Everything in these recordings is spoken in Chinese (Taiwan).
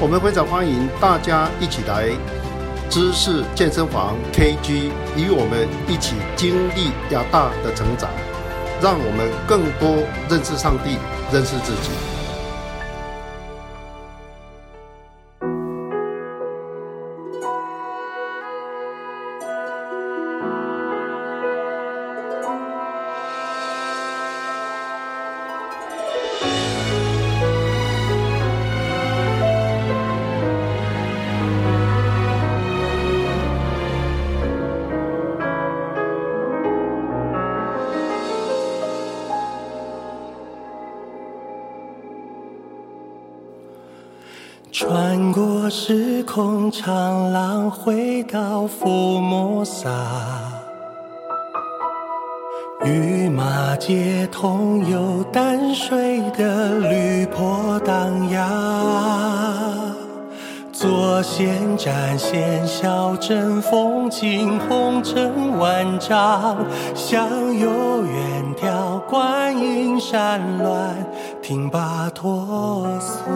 我們非常歡迎大家一起來知識健身房 KG，與我們一起經歷亞大的成長，讓我們更多認識上帝，認識自己。回到福摩薩，與馬偕同遊，淡水的綠波蕩漾。左舷展現小鎮風景，紅塵萬丈。向右遠眺，觀音山巒挺拔脫俗。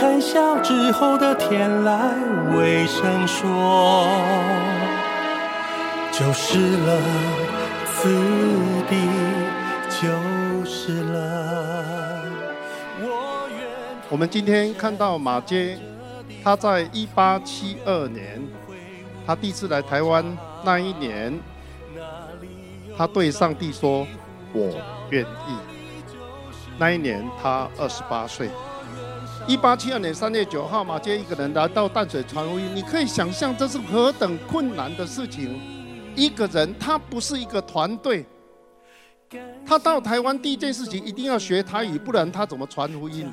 談笑之後的天籟微聲說，就是了，此地就是了，我願。我們今天看到馬偕，他在一八七二年他第一次來台灣那一年，他對上帝說我願意。那一年他二十八歲。一八七二年三月九號馬偕一個人來到淡水傳福音。你可以想象這是何等困難的事情。一個人他不是一個團隊，他到台灣第一件事情一定要學台語，不然他怎麼傳福音？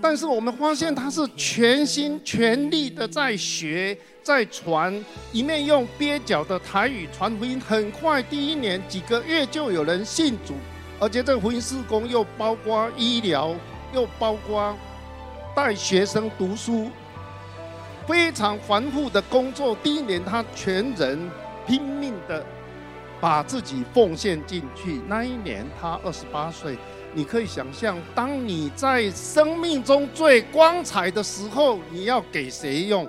但是我們發現他是全心全力的在學、在傳，一面用蹩腳的台語傳福音。很快，第一年幾個月就有人信主，而且這個福音事工又包括醫療，又包括。帶學生讀書，非常繁複的工作。第一年，他全人拼命的把自己奉獻進去。那一年，他二十八歲。你可以想象，當你在生命中最光彩的時候，你要給誰用？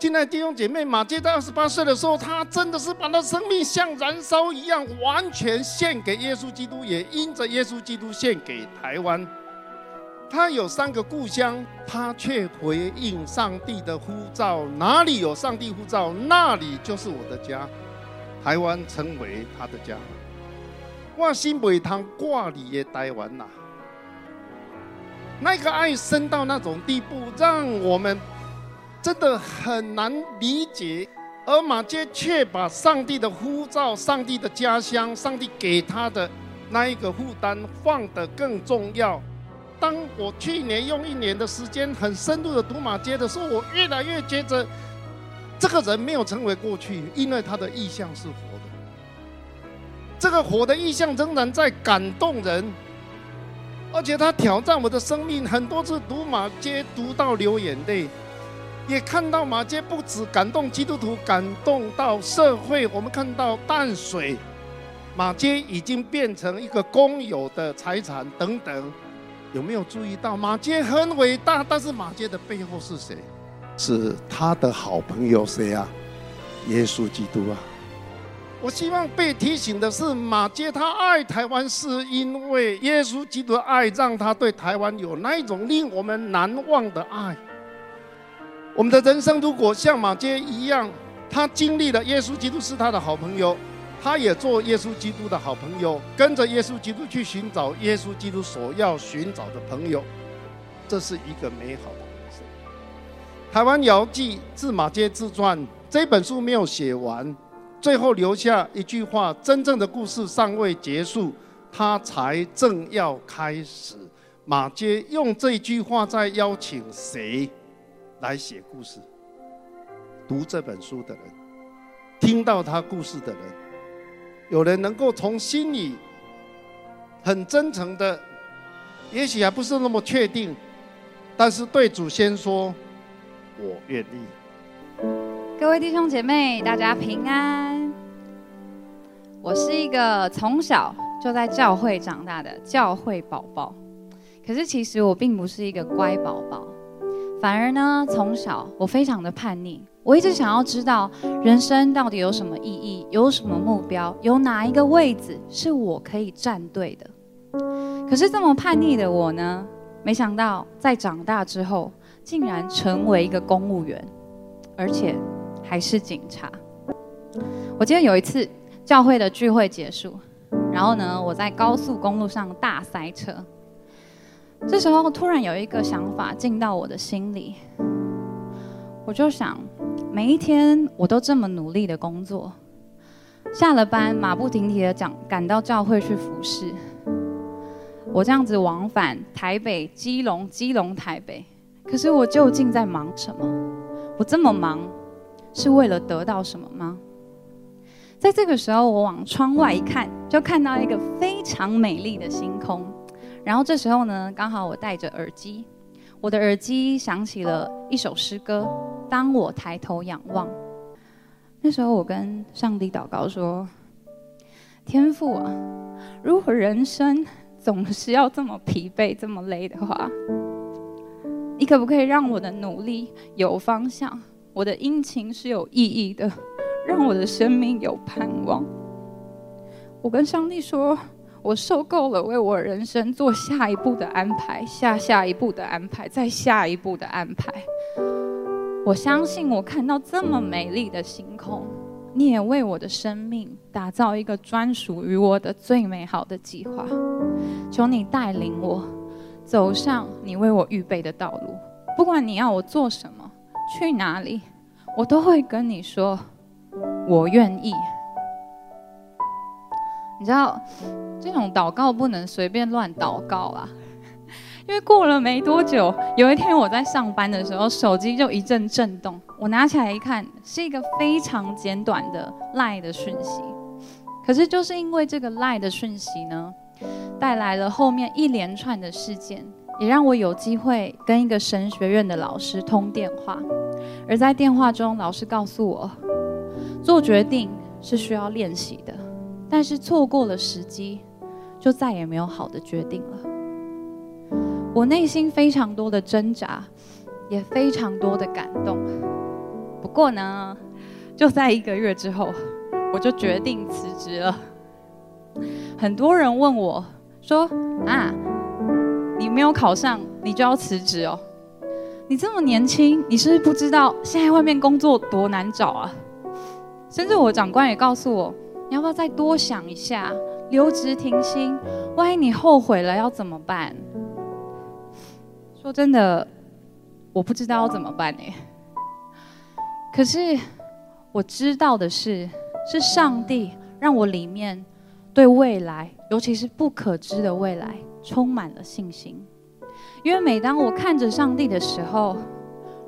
親愛的弟兄姐妹，馬偕他二十八歲的時候，他真的是把他生命像燃燒一樣，完全獻給耶穌基督，也因着耶穌基督獻給台灣。他有三個故鄉，他卻回應上帝的呼召。哪裡有上帝呼召，那裡就是我的家。台灣成為他的家。我心掛新北、塘掛里也台灣啊。那個愛深到那種地步，讓我們真的很難理解。而馬偕卻把上帝的呼召、上帝的家鄉、上帝給他的那一個負擔放得更重要。當我去年用一年的時間很深入的讀馬偕的時候，我越來越覺得這個人沒有成為過去，因為他的意象是活的。這個活的意象仍然在感動人，而且他挑戰我的生命很多次。讀馬偕讀到流眼淚，也看到馬偕不止感動基督徒，感動到社會。我們看到淡水馬偕已經變成一個公有的財產等等。有沒有注意到馬偕很偉大，但是馬偕的背後是誰？是他的好朋友誰啊？耶穌基督啊！我希望被提醒的是，馬偕他愛台灣，是因為耶穌基督的愛，讓他對台灣有那一種令我們難忘的愛。我們的人生如果像馬偕一樣，他經歷了耶穌基督是他的好朋友。他也做耶穌基督的好朋友，跟着耶穌基督去尋找耶穌基督所要尋找的朋友，這是一個美好的故事。台灣《遙寄》自馬偕自傳這本書沒有寫完，最後留下一句話：“真正的故事尚未結束，它才正要開始。”馬偕用這句話在邀請誰來寫故事？讀這本書的人，聽到他故事的人。有人能夠從心裡很真誠的，也許還不是那麼確定，但是對祖先說：“我願意。”各位弟兄姐妹，大家平安。我是一個從小就在教會長大的教會寶寶，可是其實我並不是一個乖寶寶。反而呢，從小我非常的叛逆，我一直想要知道人生到底有什麼意義，有什麼目標，有哪一個位置是我可以站對的。可是這麼叛逆的我呢，沒想到在長大之後，竟然成為一個公務員，而且還是警察。我記得有一次教會的聚會結束，然後呢，我在高速公路上大塞車。這時候突然有一個想法進到我的心裡，我就想，每一天我都這麼努力的工作，下了班馬不停蹄的趕趕到教會去服侍。我這樣子往返台北、基隆、基隆、台北，可是我究竟在忙什麼？我這麼忙，是為了得到什麼嗎？在這個時候，我往窗外一看，就看到一個非常美麗的星空。然後這時候呢，剛好我戴着耳機，我的耳機響起了一首詩歌。當我抬頭仰望，那時候我跟上帝禱告說：“天父啊，如果人生總是要這麼疲憊、這麼累的話，你可不可以讓我的努力有方向，我的殷勤是有意義的，讓我的生命有盼望？”我跟上帝說。我受夠了為我人生做下一步的安排，下下一步的安排，再下一步的安排。我相信我看到這麼美麗的星空，你也為我的生命打造一個專屬於我的最美好的計劃。求你帶領我走上你為我預備的道路，不管你要我做什麼，去哪裡，我都會跟你說，我願意。你知道，這種禱告不能隨便亂禱告啊，因為過了沒多久，有一天我在上班的時候，手機就一陣震動。我拿起來一看，是一個非常簡短的 LINE 的訊息。可是就是因為這個 LINE 的訊息呢，帶來了後面一連串的事件，也讓我有機會跟一個神學院的老師通電話。而在電話中，老師告訴我，做決定是需要練習的，但是錯過了時機。就再也沒有好的決定了。我內心非常多的掙扎，也非常多的感動。不過呢，就在一個月之後，我就決定辭職了。很多人問我，說啊，你沒有考上，你就要辭職哦？你這麼年輕，你是不是不知道現在外面工作多難找啊！甚至我長官也告訴我，你要不要再多想一下？留職停薪，萬一你後悔了要怎麼辦？說真的，我不知道要怎麼辦呢、欸、可是我知道的是，是上帝讓我裡面對未來，尤其是不可知的未來，充滿了信心。因為每當我看着上帝的時候，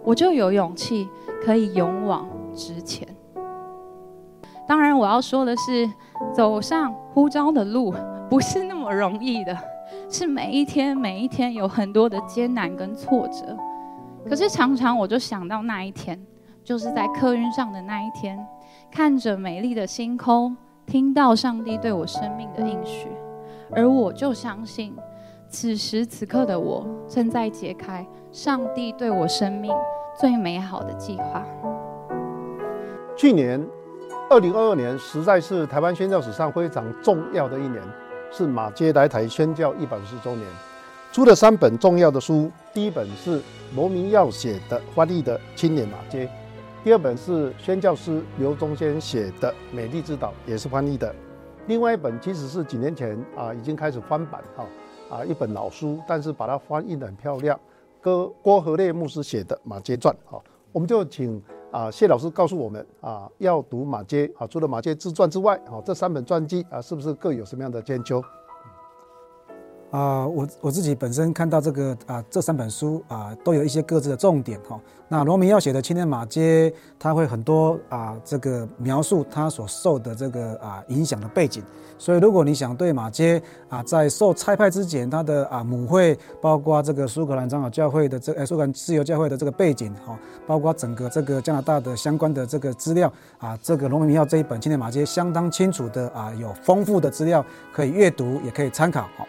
我就有勇氣可以勇往直前。當然，我要說的是，走上。呼召的路不是那麼容易的，是每一天每一天有很多的艱難跟挫折。可是常常我就想到那一天，就是在客運上的那一天，看着美麗的星空，聽到上帝對我生命的應許，而我就相信，此時此刻的我正在解開上帝對我生命最美好的計劃。去年。二零二二年實在是台灣宣教史上非常重要的一年，是馬偕來台宣教一百五十周年，出了三本重要的書，第一本是羅明耀寫的翻譯的《青年馬偕》，第二本是宣教師劉忠先寫的《美麗之島》，也是翻譯的，另外一本其實是幾年前啊已經開始翻版啊啊一本老書，但是把它翻譯得很漂亮，歌郭和烈牧師寫的《馬偕傳》啊，我們就請。啊，謝老師告訴我們啊，要讀馬偕啊，除了馬偕自傳之外，啊，這三本傳記啊，是不是各有什麼樣的千秋？啊、呃，我我自己本身看到這個啊、呃，這三本書啊、呃，都有一些各自的重點哈、哦。那羅明耀寫的《青年馬偕》，它會很多啊、呃，這個描述他所受的這個啊、呃、影響的背景。所以，如果你想對馬偕啊、呃，在受差派之前他的啊母會，包括這個蘇格蘭長老教會的這蘇格蘭自由教會的這個背景哈、哦，包括整個這個加拿大的相關的這個資料啊、呃，這個羅明耀這一本《青年馬偕》相當清楚的啊、呃，有豐富的資料可以閱讀，也可以參考哈。哦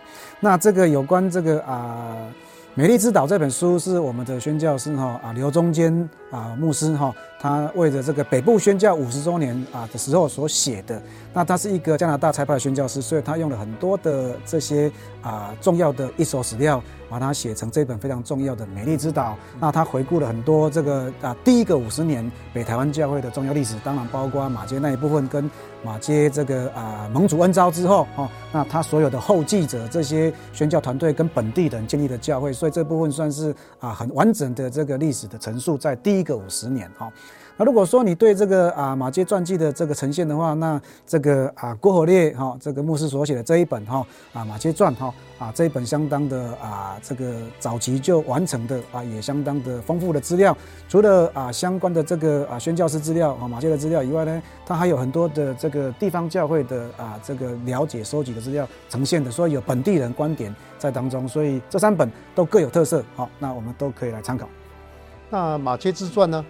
那這個有關這個啊，《美麗之島》這本書是我們的宣教師哈，啊劉忠堅啊牧師哈。啊他為了這個北部宣教五十周年啊的時候所寫的，那他是一個加拿大差派的宣教師，所以他用了很多的這些啊重要的一手史料，把它寫成這本非常重要的《美麗之島》。那他回顧了很多這個啊第一個五十年北台灣教會的重要歷史，當然包括馬偕那一部分跟馬偕這個啊蒙主恩召之後哦，那他所有的後繼者這些宣教團隊跟本地人建立了教會，所以這部分算是啊很完整的這個歷史的陳述在第一個五十年哦。那如果說你對這個啊馬偕傳記的這個呈現的話，那這個啊郭和烈哈這個牧師所寫的這一本哈啊馬偕傳哈啊這一本相當的啊這個早期就完成的啊也相當的豐富的資料，除了啊相關的這個啊宣教師資料啊馬偕的資料以外呢，他還有很多的這個地方教會的啊這個了解收集的資料呈現的，所以有本地人觀點在當中，所以這三本都各有特色好，那我們都可以來參考。那馬偕自傳呢？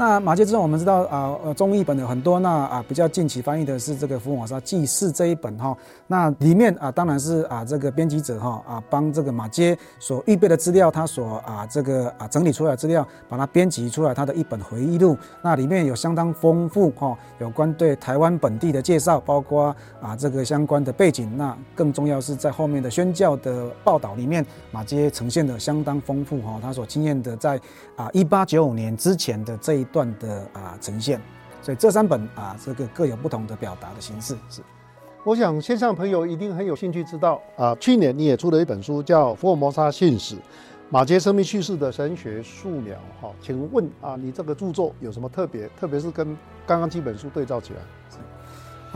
那馬偕之中，我們知道啊，呃，中譯本有很多，那啊比較近期翻譯的是這個福爾摩沙紀事這一本哈。那裡面啊，當然是啊，這個編輯者哈啊，幫這個馬偕所預備的資料，他所啊這個啊整理出來的資料，把它編輯出來，他的一本回憶錄。那裡面有相當豐富哈、哦，有關對台灣本地的介紹，包括啊這個相關的背景。那更重要是在後面的宣教的報道裡面，馬偕呈現的相當豐富哈、哦，他所經驗的在啊一八九五年之前的這一段的啊呈現。所以這三本啊，這個各有不同的表達的形式是。我想線上的朋友一定很有興趣知道啊，去年你也出了一本書叫《福爾摩沙信史》，馬偕生命敘事的神學素描。哈，請問啊，你這個著作有什麼特別？特別是跟剛剛幾本書對照起來。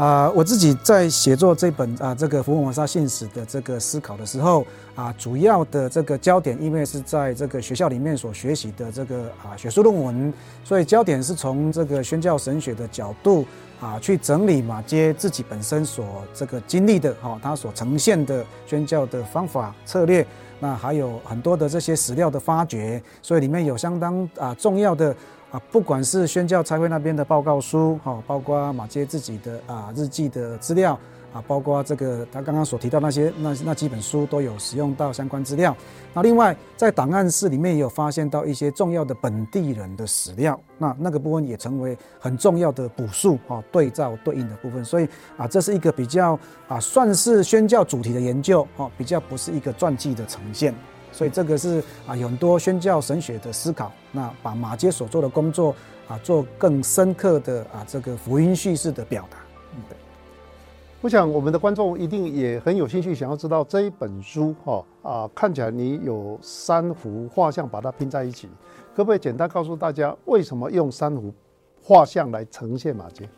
啊，我自己在寫作這本啊這個《福爾摩沙信史》的這個思考的時候啊，主要的這個焦點，因為是在這個學校裡面所學習的這個啊學術論文，所以焦點是從這個宣教神學的角度。啊，去整理馬偕自己本身所這個經歷的，哈、哦，他所呈現的宣教的方法策略，那還有很多的這些史料的發掘，所以裡面有相當啊重要的啊，不管是宣教差會那邊的報告書，哈、哦，包括馬偕自己的啊日記的資料。啊，包括這個他剛剛所提到那些那那幾本書都有使用到相關資料。那另外在檔案室裡面也有發現到一些重要的本地人的史料。那那個部分也成為很重要的補述啊，對照對應的部分。所以啊，這是一個比較啊，算是宣教主題的研究哦，比較不是一個傳記的呈現。所以這個是啊，有很多宣教神學的思考。那把馬偕所做的工作啊，做更深刻的啊，這個福音敘事的表達。我想我們的觀眾一定也很有興趣，想要知道這一本書哈、哦、啊、呃，看起來你有三幅畫像把它拼在一起，可不可以簡單告訴大家為什麼用三幅畫像來呈現馬偕？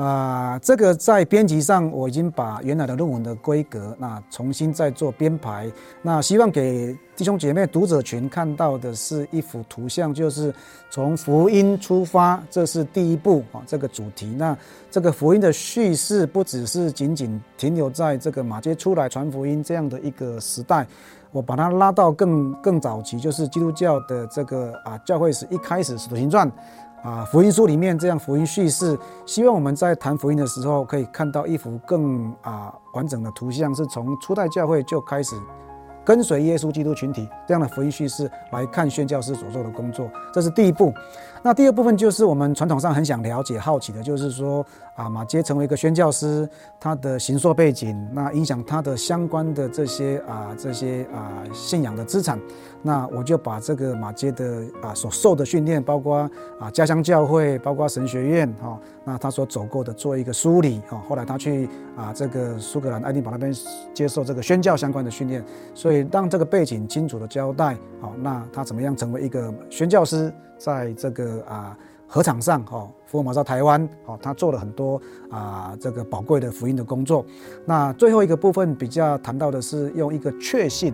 啊，這個在編輯上我已經把原來的論文的規格那重新再做編排，那希望給弟兄姐妹讀者群看到的是一幅圖像，就是從福音出發，這是第一步啊，這個主題。那這個福音的敘事不只是僅僅停留在這個馬偕出來傳福音這樣的一個時代，我把它拉到更更早期，就是基督教的這個啊教會史一開始使徒行傳。啊，福音書裡面這樣福音敘事，希望我們在談福音的時候，可以看到一幅更啊完整的圖像，是從初代教會就開始跟隨耶穌基督群體這樣的福音敘事來看宣教師所做的工作，這是第一步。那第二部分就是我們傳統上很想了解、好奇的，就是說啊，馬偕成為一個宣教師，他的形塑背景，那影響他的相關的這些啊這些啊信仰的資產。那我就把這個馬偕的啊所受的訓練，包括啊家鄉教會，包括神學院啊、哦，那他所走過的做一個梳理啊、哦。後來他去啊這個蘇格蘭愛丁堡那邊接受這個宣教相關的訓練，所以讓這個背景清楚的交代好、哦，那他怎麼樣成為一個宣教師？在這個啊禾場上哈、哦，福爾摩沙台灣，哈、哦、他做了很多啊這個寶貴的福音的工作。那最後一個部分比較談到的是用一個確信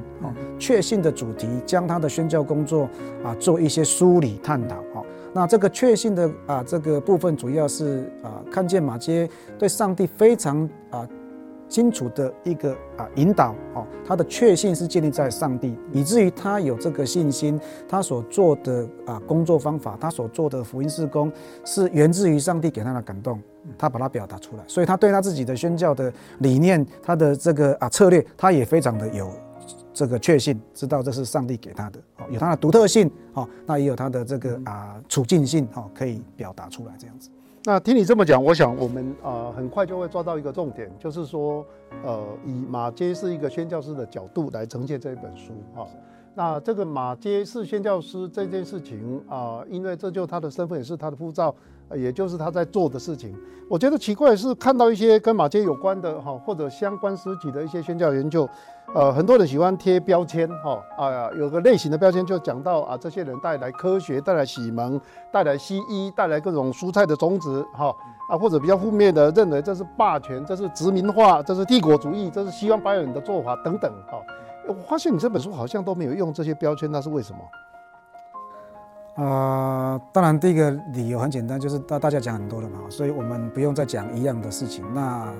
確、哦、信的主題，將他的宣教工作啊做一些梳理探討哈、哦。那這個確信的啊這個部分主要是啊看見馬偕對上帝非常啊。清楚的一個啊引導哦，他的確信是建立在上帝，以至於他有這個信心，他所做的啊工作方法，他所做的福音事工，是源自於上帝給他的感動，他把它表達出來。所以他對他自己的宣教的理念，他的這個啊策略，他也非常的有這個確信，知道這是上帝給他的，有他的獨特性，哈，那也有他的這個啊處境性，哈，可以表達出來這樣子。那聽你這麼講，我想我們啊、呃、很快就會抓到一個重點，就是說，呃，以馬偕是一個宣教師的角度來呈現這一本書啊。那這個馬偕是宣教師這件事情啊、呃，因為這就是他的身份，也是他的護照。也就是他在做的事情，我覺得奇怪的是看到一些跟馬偕有關的哈，或者相關實體的一些宣教研究，呃，很多人喜歡貼標籤哈，哎、呃、呀，有個類型的標籤就講到啊，這些人帶來科學，帶來啟蒙，帶來西醫，帶來各種蔬菜的種植哈，啊、呃，或者比較負面的認為這是霸權，這是殖民化，這是帝國主義，這是西方白人的做法等等哈、呃，我發現你這本書好像都沒有用這些標籤，那是為什麼？啊、呃，當然，第一個理由很簡單，就是大大家講很多了嘛，所以我們不用再講一樣的事情。那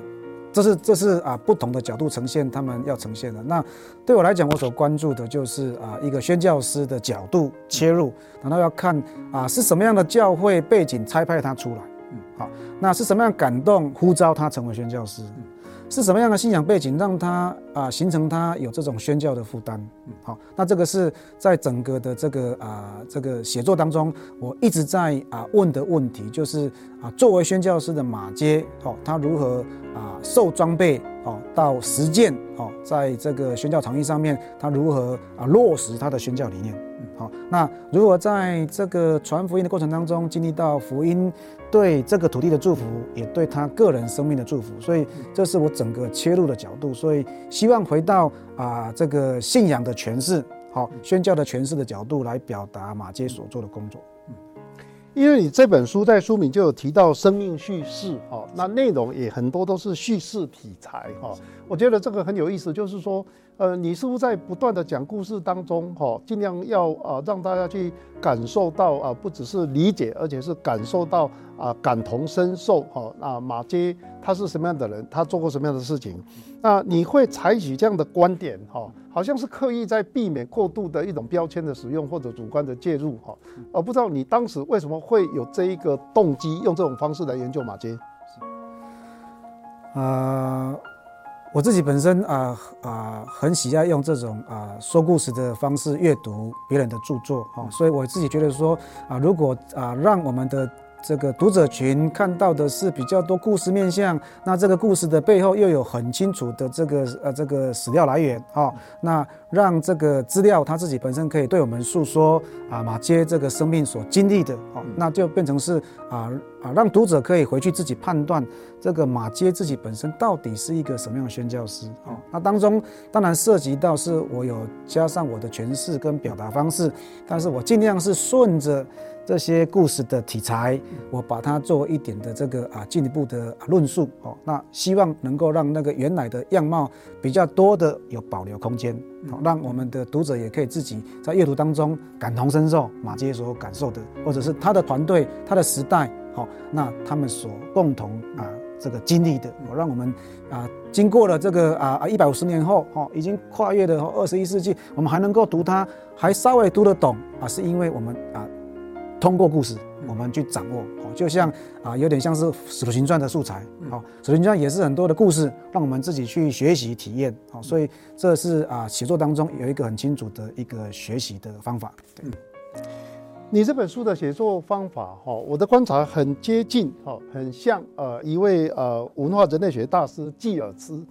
這是這是啊不同的角度呈現他們要呈現的。那對我來講，我所關注的就是啊一個宣教師的角度切入，嗯、然後要看啊是什麼樣的教會背景差派他出來，嗯，好，那是什麼樣感動呼召他成為宣教師。嗯是什麼樣的信仰背景讓他啊、呃、形成他有這種宣教的負擔？好、嗯哦，那這個是在整個的這個啊、呃、這個寫作當中，我一直在啊、呃、問的問題，就是啊、呃、作為宣教師的馬偕哦，他如何啊、呃、受裝備哦到實踐哦，在這個宣教場域上面，他如何啊、呃、落實他的宣教理念？好、哦，那如果在這個傳福音的過程當中，經歷到福音對這個土地的祝福，也對他個人生命的祝福，所以這是我整個切入的角度。所以希望回到啊、呃、這個信仰的詮釋，好、哦、宣教的詮釋的角度來表達馬偕所做的工作。嗯，因為你這本書在書名就有提到生命敘事，哈、哦，那內容也很多都是敘事題材，哈、哦，我覺得這個很有意思，就是說。呃，你似乎在不斷地講故事當中，哈、哦，儘量要啊、呃、讓大家去感受到啊、呃，不只是理解，而且是感受到啊、呃、感同身受，哈、哦，啊馬偕他是什麼樣的人，他做過什麼樣的事情，那你會採取這樣的觀點，哈、哦，好像是刻意在避免過度的一種標籤的使用或者主觀的介入，哈，呃，不知道你當時為什麼會有這一個動機，用這種方式來研究馬偕，啊。呃我自己本身啊啊、呃呃、很喜愛用這種啊、呃、說故事的方式閱讀別人的著作啊、哦，所以我自己覺得說啊、呃，如果啊、呃、讓我們的。這個讀者群看到的是比較多故事面向，那這個故事的背後又有很清楚的這個呃這個史料來源哦，那讓這個資料他自己本身可以對我們訴說啊馬偕這個生命所經歷的哦，那就變成是啊啊讓讀者可以回去自己判斷這個馬偕自己本身到底是一個什麼樣的宣教師哦，那當中當然涉及到是我有加上我的詮釋跟表達方式，但是我盡量是順着。這些故事的題材，我把它做一點的這個啊進一步的論述哦，那希望能夠讓那個原來的樣貌比較多的有保留空間，哦，讓我們的讀者也可以自己在閱讀當中感同身受馬偕所感受的，或者是他的團隊、他的時代，好，那他們所共同啊這個經歷的，讓我們啊經過了這個啊一百五十年後哦，已經跨越了二十一世紀，我們還能夠讀它，還稍微讀得懂啊，是因為我們啊。通過故事，我們去掌握、嗯。就像啊，有點像是《使徒行傳》的素材。好，《使徒行傳》也是很多的故事，讓我們自己去學習體驗。好，所以這是啊，寫作當中有一個很清楚的一個學習的方法、嗯。對，你這本書的寫作方法，哈，我的觀察很接近，哈，很像呃一位呃文化人類學大師紀爾茲。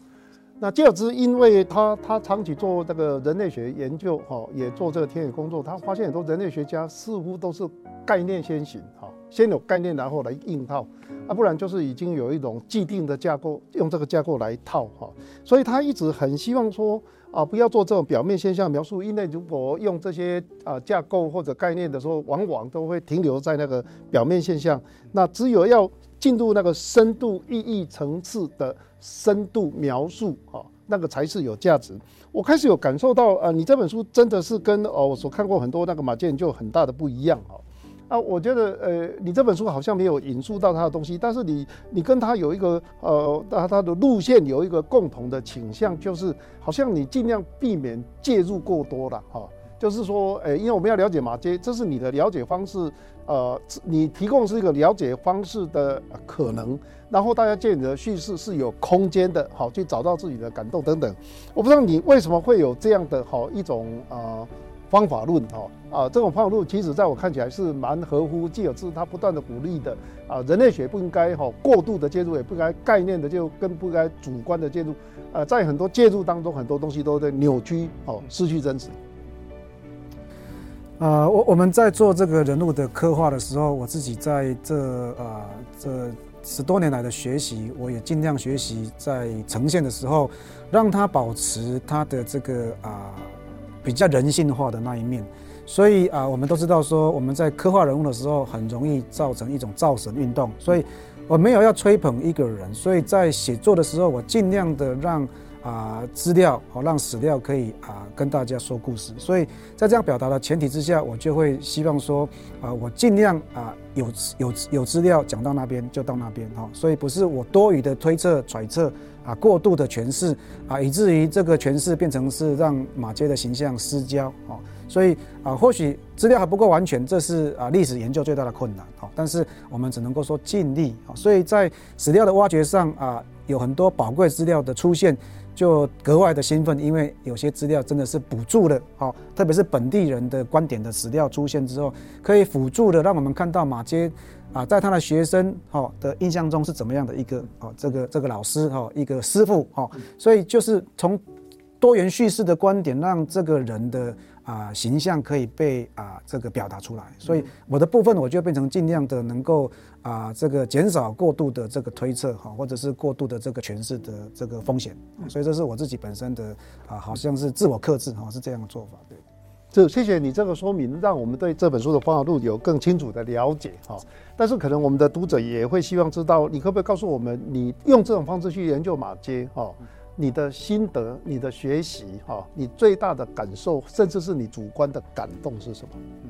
那就是，因為他他長期做這個人類學研究哈，也做這個田野工作，他發現很多人類學家似乎都是概念先行哈，先有概念然後來硬套啊，不然就是已經有一種既定的架構，用這個架構來套哈，所以他一直很希望說。啊，不要做這種表面現象描述，因為如果用這些啊架構或者概念的時候，往往都會停留在那個表面現象。那只有要進入那個深度意義層次的深度描述啊，那個才是有價值。我開始有感受到啊，你這本書真的是跟哦、啊、我所看過很多那個馬偕就很大的不一樣哦。啊啊，我覺得，呃，你這本書好像沒有引述到他的東西，但是你，你跟他有一個，呃，他他的路線有一個共同的傾向，就是好像你盡量避免介入過多啦。哈、哦，就是說，誒、呃，因為我們要了解馬偕，這是你的了解方式，呃，你提供是一個了解方式的可能，然後大家借你的敘事是有空間的，好、哦、去找到自己的感動等等。我不知道你為什麼會有這樣的好、哦、一種啊。呃方法論，哈啊，這種方法論其實在我看起來是蠻合乎既有之。他不斷的鼓勵的，啊，人類學不應該哈過度的介入，也不應該概念的，就更不應該主觀的介入。呃，在很多介入當中，很多東西都在扭曲，哦，失去真實。呃，我我們在做這個人物的刻畫的時候，我自己在這啊、呃、這十多年來的學習，我也盡量學習在呈現的時候，讓它保持它的這個啊。呃比較人性化的那一面，所以啊，我們都知道說，我們在刻畫人物的時候很容易造成一種造神運動，所以我沒有要吹捧一個人，所以在寫作的時候我盡量的讓啊資料好讓史料可以啊跟大家說故事，所以在這樣表達的前提之下，我就會希望說啊，我盡量啊有有有資料講到那邊就到那邊哈，所以不是我多餘的推測揣測。啊，過度的詮釋啊，以至於這個詮釋變成是讓馬偕的形象失焦啊、哦，所以啊，或許資料還不夠完全，這是啊歷史研究最大的困難啊、哦，但是我們只能夠說盡力啊、哦，所以在史料的挖掘上啊，有很多寶貴資料的出現。就格外的興奮，因為有些資料真的是輔助的，哦。特別是本地人的觀點的史料出現之後，可以輔助的讓我們看到馬偕啊，在他的學生，哈、哦、的印象中是怎麼樣的一個，哦，這個這個老師，哈、哦，一個師傅，哈、哦，所以就是從多元敘事的觀點，讓這個人的啊形象可以被啊這個表達出來，所以我的部分我就變成盡量的能夠。啊，這個減少過度的這個推測哈、或者是過度的這個詮釋的這個風險，嗯、所以這是我自己本身的啊，好像是自我克制好像、啊、是這樣的做法。對，就謝謝你這個說明，讓我們對這本書的方法論有更清楚的了解哈、啊。但是可能我們的讀者也會希望知道，你可不可以告訴我們，你用這種方式去研究馬偕哈、啊，你的心得、你的學習哈、啊，你最大的感受，甚至是你主觀的感動是什麼？嗯。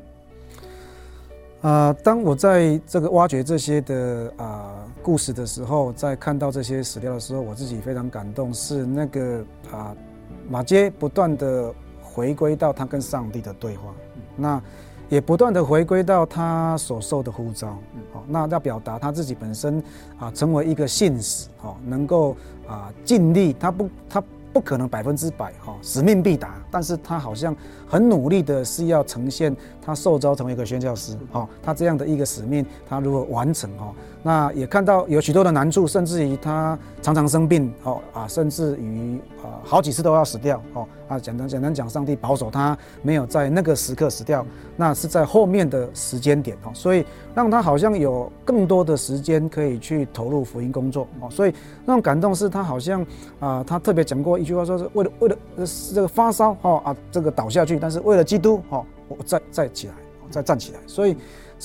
啊、呃，當我在這個挖掘這些的啊、呃、故事的時候，在看到這些史料的時候，我自己非常感動。是那個啊、呃，馬偕不斷的回歸到他跟上帝的對話，那也不斷的回歸到他所受的呼召。哦，那要表達他自己本身啊、呃，成為一個信使，哦，能夠啊盡力他。他不他。不可能百分之百哈，使命必達。但是他好像很努力的，是要呈現他受召成為一個宣教師哈，他這樣的一個使命，他如何完成哈？那也看到有許多的難處，甚至於他常常生病哦啊，甚至於啊好幾次都要死掉哦啊，簡單簡單講，上帝保守他沒有在那個時刻死掉，那是在後面的時間點哦，所以讓他好像有更多的時間可以去投入福音工作哦，所以那種感動是他好像啊，他特別講過一句話，說是為了為了這個發燒哦啊這個倒下去，但是為了基督哦，我再再起來，再站起來，所以。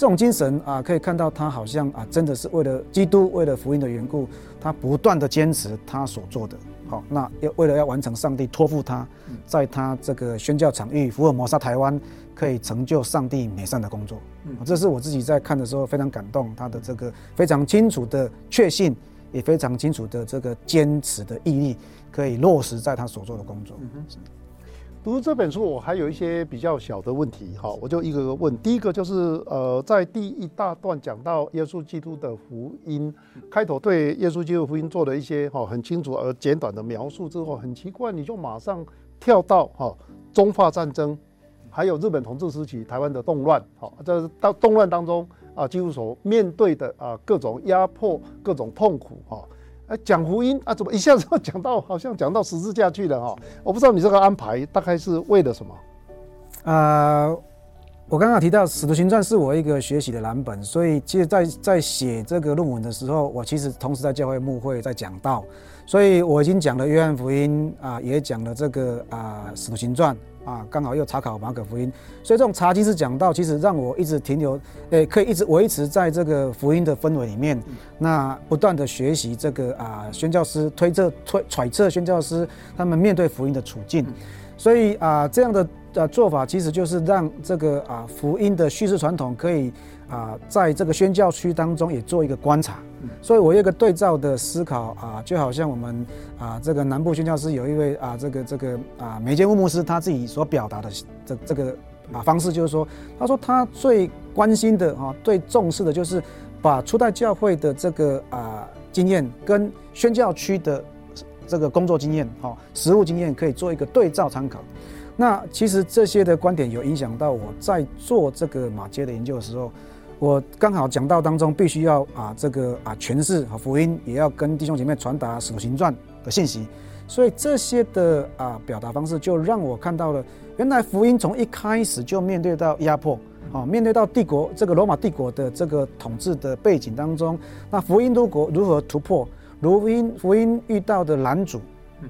這種精神啊，可以看到他好像啊，真的是為了基督、為了福音的緣故，他不斷的堅持他所做的好，嗯哦，那要為了要完成上帝托付他，在他這個宣教場域福爾摩沙台灣，可以成就上帝美善的工作、嗯，這是我自己在看的時候非常感動，他的這個非常清楚的確信，也非常清楚的這個堅持的毅力，可以落實在他所做的工作。嗯。讀這本書，我還有一些比較小的問題，我就一個個問。第一個就是，呃，在第一大段講到耶穌基督的福音，開頭對耶穌基督福音做了一些很清楚而簡短的描述之後，很奇怪，你就馬上跳到哈、哦、中法戰爭，還有日本統治時期台灣的動亂，好、哦，在、就是、動亂當中啊，基督徒面對的啊各種壓迫、各種痛苦、哦啊、講福音啊，怎麼一下子講到好像講到十字架去了哦，我不知道你這個安排大概是為了什麼。呃，我剛剛提到《使徒行傳》是我一個學習的藍本，所以其實在在寫這個論文的時候，我其實同時在教會牧會在講道。所以我已經講了約翰福音啊、呃，也講了這個啊、呃《使徒行傳》。啊，剛好又查考馬可福音，所以這種查經式講道，其實讓我一直停留，誒、欸，可以一直維持在這個福音的氛圍裡面，嗯、那不斷的學習這個啊宣教師推測、推揣測宣教師他們面對福音的處境，嗯、所以啊這樣的呃、啊、做法，其實就是讓這個啊福音的敘事傳統可以。啊，在這個宣教區當中也做一個觀察，所以我有一個對照的思考啊，就好像我們啊，這個南部宣教師有一位啊，這個這個啊，梅監霧牧師他自己所表達的這這個啊方式，就是說，他說他最關心的啊，最重視的就是把初代教會的這個啊經驗跟宣教區的這個工作經驗、啊、實務經驗可以做一個對照參考。那其實這些的觀點有影響到我在做這個馬偕的研究的時候。我剛好講到當中，必須要啊這個啊詮釋和福音，也要跟弟兄姐妹傳達使徒行傳的信息，所以這些的啊表達方式，就讓我看到了，原來福音從一開始就面對到壓迫，啊面對到帝國這個羅馬帝國的這個統治的背景當中，那福音如果如何突破，福音福音遇到的攔阻，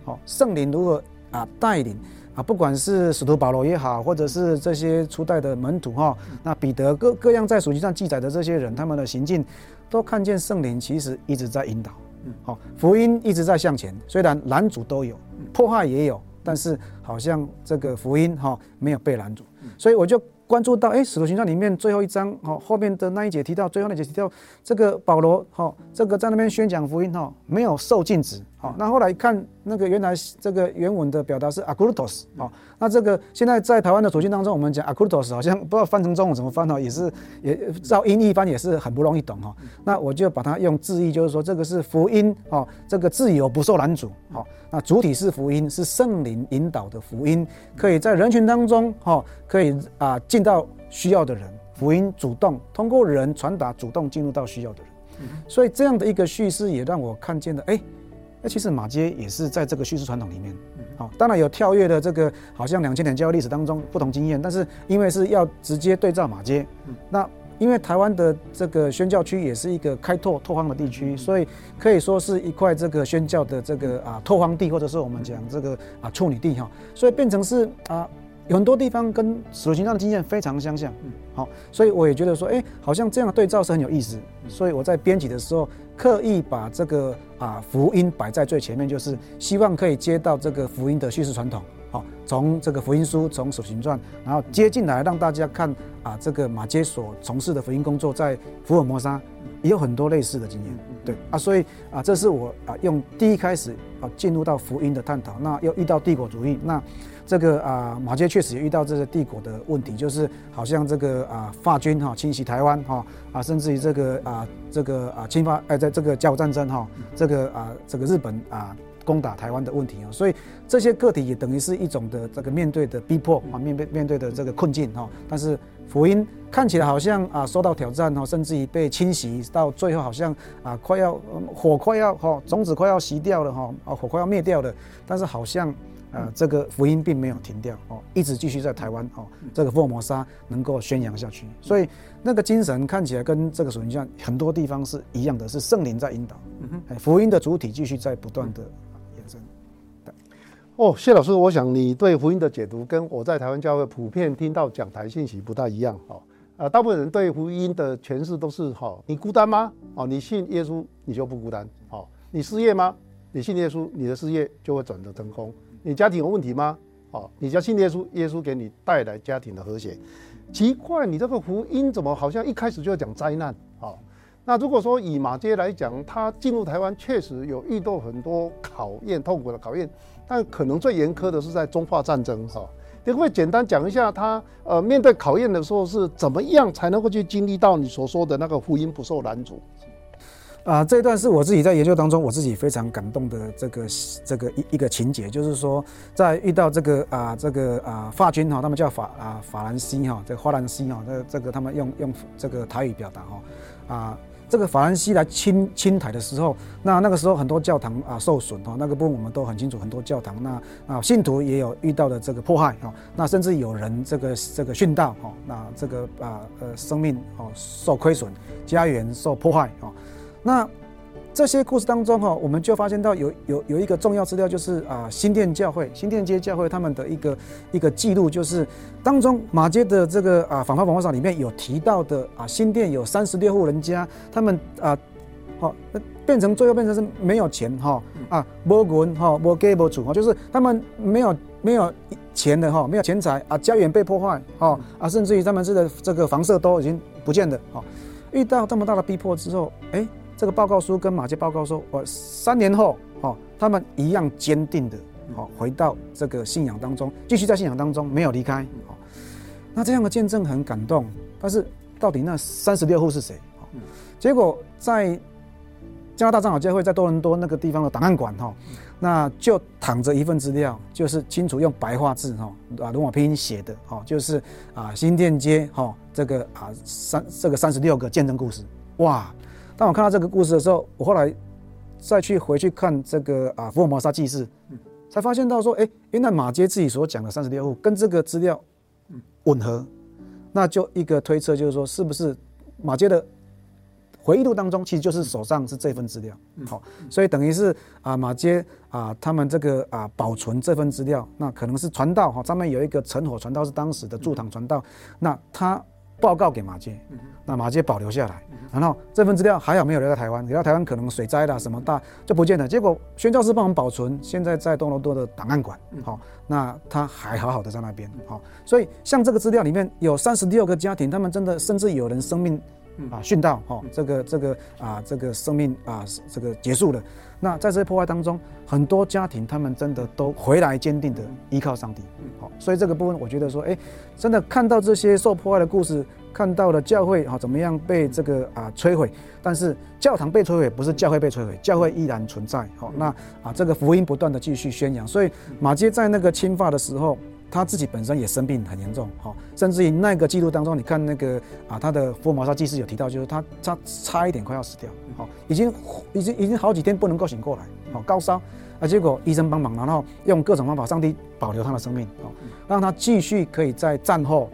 好聖靈如何啊帶領。啊，不管是使徒保羅也好，或者是這些初代的門徒哈、哦，那彼得各各樣在書籍上記載的這些人，他們的行徑，都看見聖靈其實一直在引導，嗯、哦，好福音一直在向前。雖然攔阻都有，破壞也有，但是好像這個福音哈、哦、沒有被攔阻，所以我就。關注到，哎、欸，《使徒行傳》裡面最後一章，哦，後面的那一節提到，最後那節提到這個保羅，哦，這個在那邊宣講福音，哈、哦，沒有受禁止，好、嗯哦，那後來一看那個原來這個原文的表達是阿古魯多斯、嗯哦那這個現在在台灣的處境當中，我們講阿庫 h 斯 t o 好像不知道翻成中文怎麼翻哈，也是也照音譯翻也是很不容易懂哈。那我就把它用字義，就是說這個是福音哈，這個自由不受攔阻哈，那主體是福音，是聖靈引導的福音，可以在人群當中哈，可以啊進到需要的人，福音主動通過人傳達，主動進入到需要的人。所以這樣的一個敘事也讓我看見了，誒、欸，那其實馬街也是在這個敘事傳統裡面。好，當然有跳躍的這個，好像兩千年教會歷史當中不同經驗，但是因為是要直接對照馬偕，那因為台灣的這個宣教區也是一個開拓拓荒的地區，所以可以說是一塊這個宣教的這個啊拓荒地，或者是我們講這個啊處女地哈，所以變成是啊有很多地方跟使徒行傳的經驗非常相像，好，所以我也覺得說，哎，好像這樣的對照是很有意思，所以我在編輯的時候。刻意把這個啊福音擺在最前面，就是希望可以接到這個福音的敘事傳統，從這個福音書，從使行傳，然後接進來，讓大家看啊，這個馬偕所從事的福音工作在福爾摩沙也有很多類似的經驗，對啊，所以啊，這是我啊用第一開始啊進入到福音的探討，那又遇到帝國主義那。這個啊，馬偕確實也遇到這個帝國的問題，就是好像這個啊，法軍哈侵襲台灣哈啊，甚至於這個啊，這個啊侵犯。哎，在這個甲午戰爭哈、啊，這個啊，這個日本啊攻打台灣的問題啊，所以這些個體也等於是一種的這個面對的逼迫啊，面面面對的這個困境哈、啊。但是福音看起來好像啊受到挑戰哈、啊，甚至於被侵襲，到最後好像啊快要火快要哈、啊、種子快要熄掉了哈啊火快要滅掉了，但是好像。啊、呃，這個福音並沒有停掉哦，一直繼續在台灣哦，這個福爾摩沙能夠宣揚下去，所以那個精神看起來跟這個屬靈像很多地方是一樣的，是聖靈在引導、嗯，福音的主體繼續在不斷的延伸、嗯。哦，謝老師，我想你對福音的解讀跟我在台灣教會普遍聽到講台信息不大一樣啊、哦呃，大部分人對福音的詮釋都是、哦：你孤單嗎？哦，你信耶穌，你就不孤單、哦；你失業嗎？你信耶穌，你的事業就會轉得成功。你家庭有問題嗎？哦，你家信耶穌，耶穌給你帶來家庭的和諧。奇怪，你這個福音怎麼好像一開始就要講災難？哦，那如果說以馬偕來講，他進入台灣確實有遇到很多考驗、痛苦的考驗，但可能最嚴苛的是在中法戰爭。哈，你會簡單講一下他呃面對考驗的時候是怎麼樣才能夠去經歷到你所說的那個福音不受攔阻？啊，這一段是我自己在研究當中，我自己非常感動的這個這個一一個情節，就是說在遇到這個啊這個啊法軍哈，他們叫法啊法蘭西哈、哦，這個法蘭西哈，這這個他們用用這個台語表達哈、哦、啊，這個法蘭西來侵侵台的時候，那那個時候很多教堂啊受損哦，那個部分我們都很清楚，很多教堂那啊信徒也有遇到的這個迫害哈、哦，那甚至有人這個這個殉道哈、哦，那這個啊呃生命哦受虧損，家園受迫害，哦。那這些故事當中哈、喔，我們就發現到有有有一個重要資料，就是啊，新店教會、新店街教會他們的一個一個記錄，就是當中馬偕的這個啊，訪華訪華社裡面有提到的啊，新店有三十六戶人家，他們啊、喔，好變成最後變成是沒有錢哈、喔嗯、啊，無滾哈，無給無主哈，就是他們沒有沒有錢的哈、喔，沒有錢財啊，家園被破壞哦、喔嗯、啊，甚至於他們這個這個房舍都已經不見了哦、喔，遇到這麼大的逼迫之後，哎。這個報告書跟馬偕報告說，我三年後哦，他們一樣堅定的哦，回到這個信仰當中，繼續在信仰當中沒有離開。那這樣的見證很感動，但是到底那三十六戶是誰、嗯？結果在加拿大長老教會，在多倫多那個地方的檔案館哈，那就躺着一份資料，就是清楚用白話字哈，啊，羅馬拼音寫的哈，就是啊，新店街哈、這個，這個啊，三這個三十六個見證故事，哇！當我看到這個故事的時候，我後來再去回去看這個啊《福爾摩沙紀事》，才發現到說，哎、欸，原來馬偕自己所講的三十六戶跟這個資料吻合，那就一個推測就是說，是不是馬偕的回憶錄當中其實就是手上是這份資料？好、哦，所以等於是啊馬偕啊他們這個啊保存這份資料，那可能是傳道哈、哦、上面有一個成火傳道是當時的駐堂傳道，那他報告給馬偕，那馬偕保留下來。然後這份資料還好沒有留在台灣，留在台灣可能水災啦什麼大就不見了。結果宣教師幫我們保存，現在在多倫多的檔案館。好、嗯哦，那他還好好的在那邊。好、哦，所以像這個資料裡面有三十六個家庭，他們真的甚至有人生命啊殉道。好、哦，這個這個啊這個生命啊這個結束了。那在這些破壞當中，很多家庭他們真的都回來堅定的依靠上帝。好、哦，所以這個部分我覺得說，誒，真的看到這些受破壞的故事。看到了教會啊怎麼樣被這個啊摧毀，但是教堂被摧毀不是教會被摧毀，教會依然存在哦。那啊這個福音不斷地繼續宣揚，所以馬偕在那個清法的時候，他自己本身也生病很嚴重哦，甚至於那個記錄當中，你看那個啊他的福爾摩沙紀事有提到，就是他他差一點快要死掉哦，已經已經已經好幾天不能夠醒過來哦，高燒啊，結果醫生幫忙，然後用各種方法，上帝保留他的生命哦，讓他繼續可以在戰後。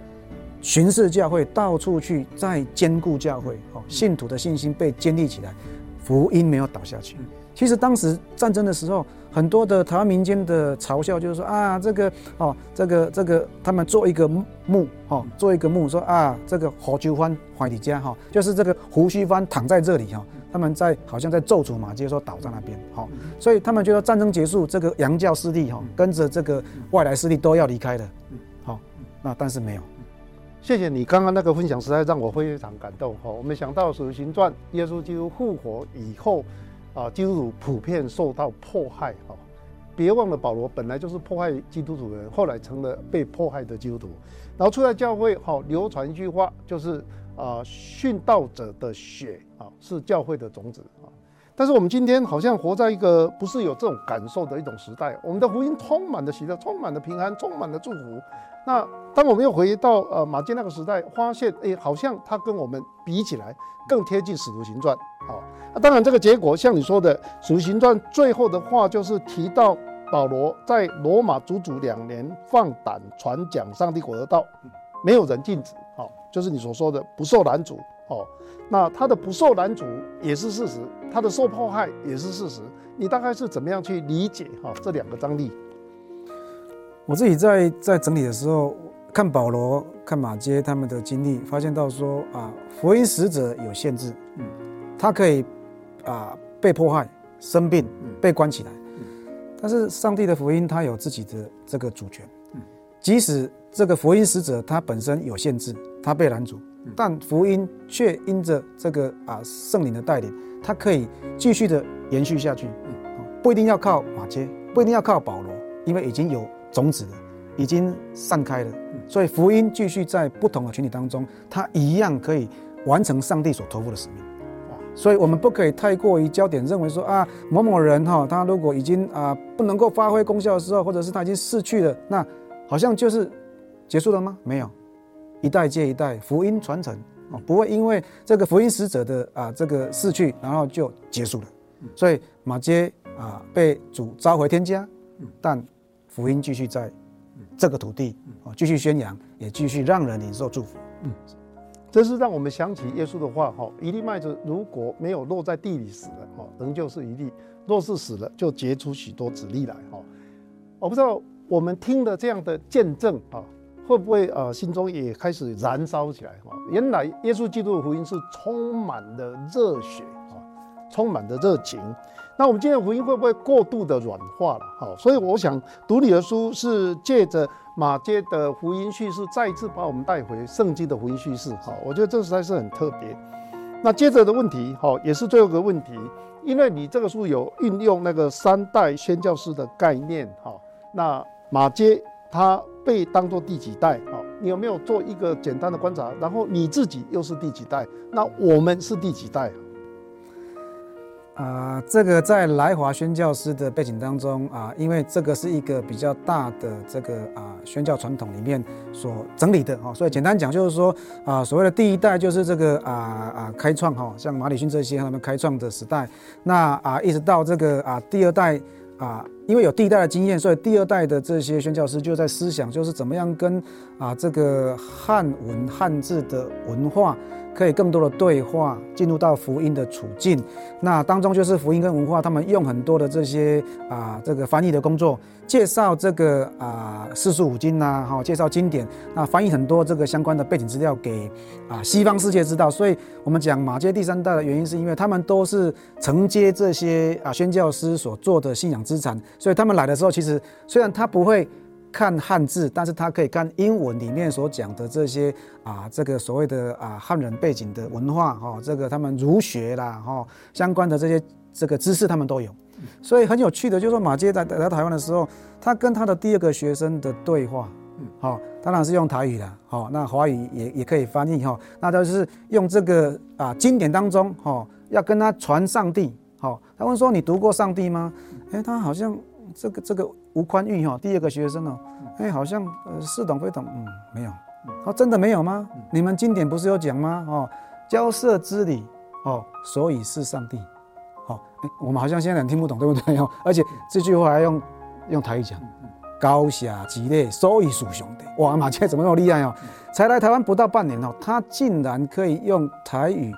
巡視教會，到處去再堅固教會，哦，信徒的信心被建立起來，福音沒有倒下去。其實當時戰爭的時候，很多的台灣民間的嘲笑就是說啊，這個哦，這個這個，他們做一個墓，哦，做一個墓，說啊，這個胡鬚番，懷裡家，哈，就是這個胡鬚番躺在這裡，哈、哦，他們在好像在咒詛嘛，就是說倒在那邊，哈、哦，所以他們覺得戰爭結束，這個洋教勢力，哈，跟着這個外來勢力都要離開的，好、哦，那但是沒有。謝謝你剛剛那個分享，實在讓我非常感動哈、哦。我沒想到《使徒行傳》，耶穌基督復活以後，啊，基督徒普遍受到迫害哈、哦。別忘了保羅本來就是迫害基督徒的人，後來成了被迫害的基督徒。然後，出來教會哈、哦，流傳一句話就是啊、呃，殉道者的血啊、哦，是教會的種子啊、哦。但是我們今天好像活在一個不是有這種感受的一種時代，我們的福音充滿了喜樂，充滿了平安，充滿了祝福。那當我們又回到呃馬偕那個時代，發現哎，好像他跟我們比起來更貼近《使徒行傳》那、哦啊、當然，這個結果像你說的，《使徒行傳》最後的話就是提到保羅在羅馬足足兩年放膽傳講上帝國的道，沒有人禁止。好、哦，就是你所說的不受攔阻。哦，那他的不受攔阻也是事實，他的受迫害也是事實。你大概是怎麼樣去理解哈、哦、這兩個張力？我自己在在整理的時候，看保羅、看馬偕他們的經歷，發現到說啊，福音使者有限制，嗯，他可以啊被迫害、生病、嗯、被關起來、嗯，但是上帝的福音他有自己的這個主權，嗯，即使這個福音使者他本身有限制，他被攔阻、嗯，但福音卻因着這個啊聖靈的帶領，他可以繼續的延續下去，嗯，不一定要靠馬偕，不一定要靠保羅，因為已經有。種子的已經散開了，所以福音繼續在不同的群體當中，它一樣可以完成上帝所托付的使命。所以我們不可以太過於焦點認為說啊，某某人哈、哦，他如果已經啊不能夠發揮功效的時候，或者是他已經逝去了，那好像就是結束了嗎？沒有，一代接一代福音傳承、哦、不會因為這個福音使者的啊這個逝去，然後就結束了。所以馬偕啊被主召回天家，但，福音繼續在這個土地啊繼續宣揚，也繼續讓人領受祝福。嗯，這是讓我們想起耶穌的話哈：一粒麥子如果沒有落在地裡死了，哈，仍舊是一粒；若是死了，就結出許多子粒來哈。我不知道我們聽了這樣的見證啊，會不會啊心中也開始燃燒起來哈？原來耶穌基督的福音是充滿了熱血啊，充滿了熱情。那我們今天的福音會不會過度的軟化了？好，所以我想讀你的書是借着馬偕的福音敘事，再次把我們帶回聖經的福音敘事。好，我覺得這實在是很特別。那接着的問題，好，也是最後一個問題，因為你這個書有運用那個三代宣教師的概念。好，那馬偕他被當作第幾代？好，你有沒有做一個簡單的觀察？然後你自己又是第幾代？那我們是第幾代？啊、呃，這個在來華宣教師的背景當中啊、呃，因為這個是一個比較大的這個啊、呃、宣教傳統裡面所整理的啊、哦，所以簡單講就是說啊、呃，所謂的第一代就是這個啊啊、呃呃、開創哈、哦，像馬禮遜這些他們開創的時代，那啊、呃、一直到這個啊、呃、第二代啊、呃，因為有第一代的經驗，所以第二代的這些宣教師就在思想就是怎麼樣跟啊、呃、這個漢文漢字的文化。可以更多的對話進入到福音的處境，那當中就是福音跟文化，他們用很多的這些啊這個翻譯的工作，介紹這個啊四書五經吶、啊、哈，介紹經典，那、啊、翻譯很多這個相關的背景資料給啊西方世界知道。所以我們講馬偕第三代的原因，是因為他們都是承接這些啊宣教師所做的信仰資產，所以他們來的時候，其實雖然他不會。看漢字，但是他可以看英文裡面所講的這些啊，這個所謂的啊漢人背景的文化哈、哦，這個他們儒學啦哈、哦、相關的這些這個知識他們都有，嗯、所以很有趣的，就是說馬偕在來，來台灣的時候，他跟他的第二個學生的對話，好、哦，當然是用台語啦，好、哦，那華語也也可以翻譯哈、哦，那就是用這個啊經典當中哈、哦，要跟他傳上帝，好、哦，他問說你讀過上帝嗎？哎、欸，他好像。這個這個吳寬裕哈、哦，第二個學生哦，哎，好像呃似懂非懂，嗯，沒有，他、嗯哦、真的沒有嗎、嗯？你們經典不是有講嗎？哦，交涉之理，哦，所以是上帝，哦，哎，我們好像現在很聽不懂，對不對？哦，而且這句話還用用台語講，嗯、高下之理，所以屬上帝。哇，阿馬偕怎麼那麼厲害哦、嗯？才來台灣不到半年哦，他竟然可以用台語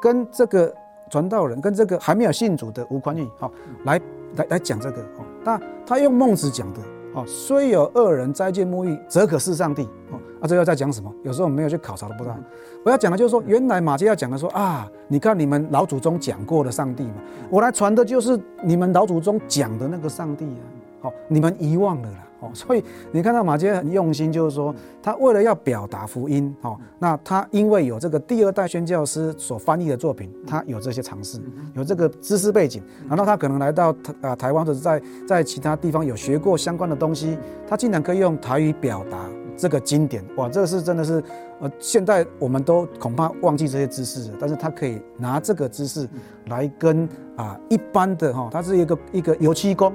跟這個傳道人，跟這個還沒有信主的吳寬裕，好、哦嗯，來。來來講這個哦，那他用孟子講的哦，雖有惡人，齋戒沐浴，則可是上帝哦，啊，這又在講什麼？有時候我們沒有去考察都不知道，我要講的就是說，原來馬偕要講的說啊，你看你們老祖宗講過的上帝嘛，我來傳的就是你們老祖宗講的那個上帝啊，好，你們遺忘了啦。哦，所以你看到馬偕很用心，就是說他為了要表達福音，哦，那他因為有這個第二代宣教師所翻譯的作品，他有這些嘗試，有這個知識背景，然後他可能來到他台灣，或者在在其他地方有學過相關的東西，他竟然可以用台語表達這個經典，哇，這個是真的是，呃，現在我們都恐怕忘記這些知識了，但是他可以拿這個知識來跟啊一般的哈，他是一個一個油漆工，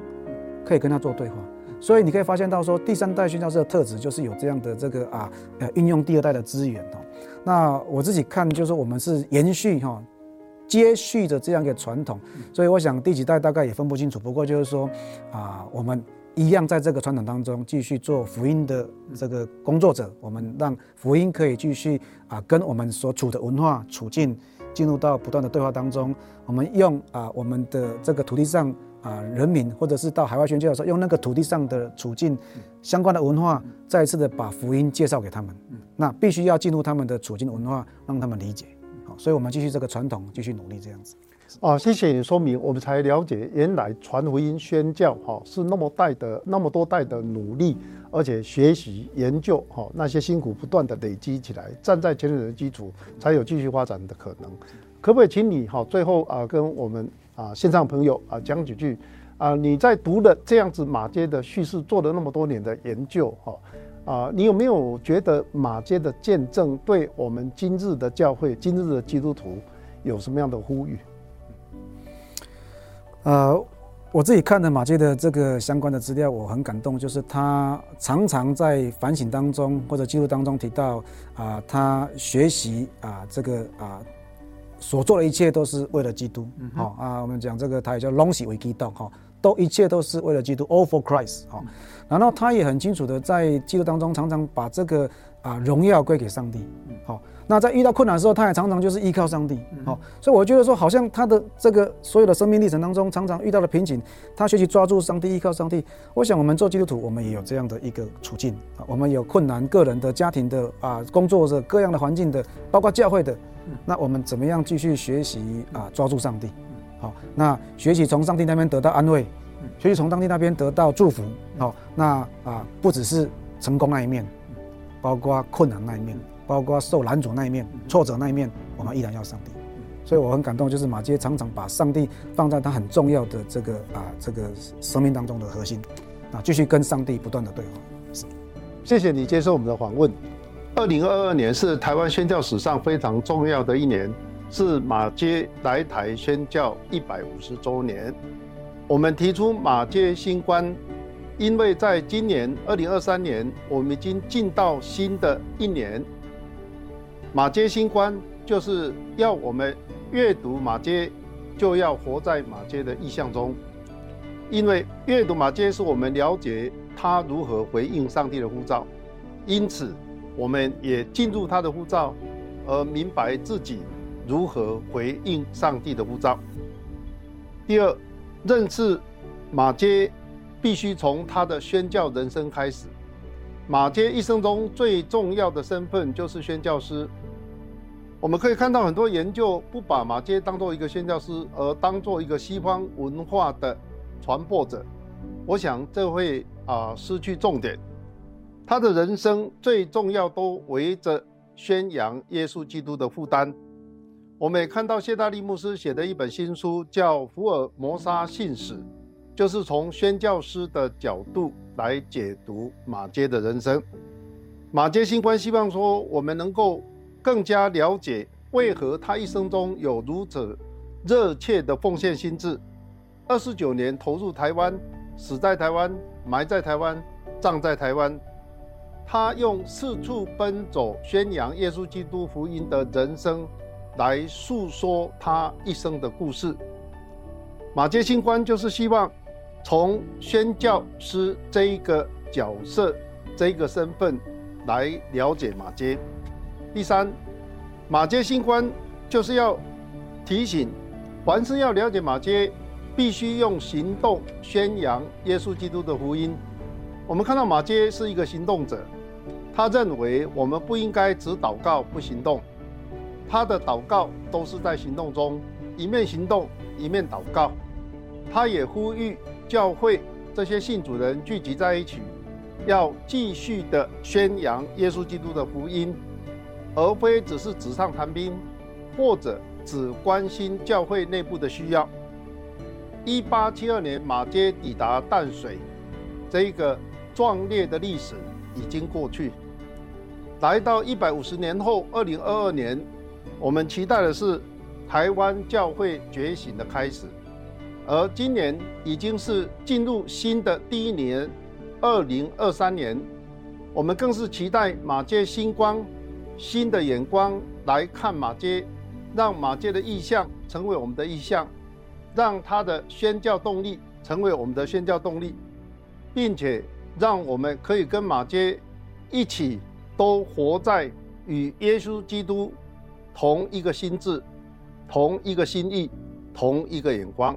可以跟他做對話。所以你可以發現到說，第三代宣教士的特質就是有這樣的這個啊，呃，運用第二代的資源哦。那我自己看就是我們是延續哈，哦，接續着這樣一個傳統。所以我想第幾代大概也分不清楚，不過就是說啊，我們一樣在這個傳統當中繼續做福音的這個工作者，我們讓福音可以繼續啊跟我們所處的文化處境進入到不斷的對話當中。我們用啊我們的這個土地上。啊、呃，人民或者是到海外宣教的時候，用那個土地上的處境相關的文化，再一次的把福音介紹給他們。那必須要進入他們的處境文化，讓他們理解。好，所以我們繼續這個傳統，繼續努力這樣子。啊，謝謝你說明，我們才了解，原來傳福音宣教哈是那麼代的那麼多代的努力，而且學習研究哈那些辛苦不斷的累積起來，站在前人的基礎，才有繼續發展的可能。可不可以請你哈最後啊跟我們？啊，線上朋友啊，講幾句啊！你在讀的這樣子馬偕的敘事，做了那麼多年的研究，哈啊，你有沒有覺得馬偕的見證對我們今日的教會、今日的基督徒有什麼樣的呼籲？呃，我自己看的馬偕的這個相關的資料，我很感動，就是他常常在反省當中或者記錄當中提到啊、呃，他學習啊、呃，這個啊。呃所做的一切都是為了基督，好、嗯哦、啊！我們講這個，他也叫攏係為基督，哈、哦，都一切都是為了基督，all for Christ，好、哦嗯，然後他也很清楚的在記錄當中，常常把這個。啊，榮耀歸給上帝。好、嗯哦，那在遇到困難的時候，他也常常就是依靠上帝。好、嗯哦，所以我覺得說，好像他的這個所有的生命歷程當中，常常遇到了瓶頸，他學習抓住上帝，依靠上帝。我想，我們做基督徒，我們也有這樣的一個處境啊。我們有困難，個人的、家庭的、啊，工作的、各樣的環境的，包括教會的。嗯、那我們怎麼樣繼續學習啊？抓住上帝。好、哦，那學習從上帝那邊得到安慰，嗯、學習從上帝那邊得到祝福。好、哦，那啊，不只是成功那一面。包括困難那一面，包括受攔阻那一面，挫折那一面，我們依然要上帝。所以我很感動，就是馬偕常常把上帝放在他很重要的這個啊這個生命當中的核心，啊，繼續跟上帝不斷的對話。謝謝你接受我們的訪問。二零二二年是台灣宣教史上非常重要的一年，是馬偕來台宣教一百五十周年。我們提出馬偕新觀。因為在今年二零二三年，我們已經進到新的一年。馬偕新官就是要我們閱讀馬偕，就要活在馬偕的異象中。因為閱讀馬偕，是我們了解他如何回應上帝的呼召，因此我們也進入他的呼召，而明白自己如何回應上帝的呼召。第二，認識馬偕。必須從他的宣教人生開始。馬偕一生中最重要的身份就是宣教師。我們可以看到很多研究不把馬偕當做一個宣教師，而當做一個西方文化的傳播者。我想這會啊、呃、失去重點。他的人生最重要都圍着宣揚耶穌基督的負擔。我們也看到謝大利牧師寫的一本新書，叫《福爾摩沙信史》。就是從宣教師的角度來解讀馬偕的人生。馬偕新官希望說，我們能夠更加了解為何他一生中有如此熱切的奉獻心志。二十九年投入台灣，死在台灣，埋在台灣，葬在台灣。他用四處奔走宣揚耶穌基督福音的人生，來訴說他一生的故事。馬偕新官就是希望。從宣教師這一個角色，這一個身份，來了解馬偕。第三，馬偕新觀就是要提醒，凡是要了解馬偕，必須用行動宣揚耶穌基督的福音。我們看到馬偕是一個行動者，他認為我們不應該只禱告不行動。他的禱告都是在行動中，一面行動一面禱告。他也呼籲。教會這些信主人聚集在一起，要繼續的宣揚耶穌基督的福音，而非只是紙上談兵，或者只關心教會內部的需要。一八七二年馬偕抵達淡水，這一個壯烈的歷史已經過去。來到一百五十年後，二零二二年，我們期待的是台灣教會覺醒的開始。而今年已經是進入新的第一年，二零二三年，我們更是期待馬偕新光新的眼光來看馬偕，讓馬偕的異象成為我們的異象，讓他的宣教動力成為我們的宣教動力，並且讓我們可以跟馬偕一起都活在與耶穌基督同一個心智、同一個心意、同一個眼光。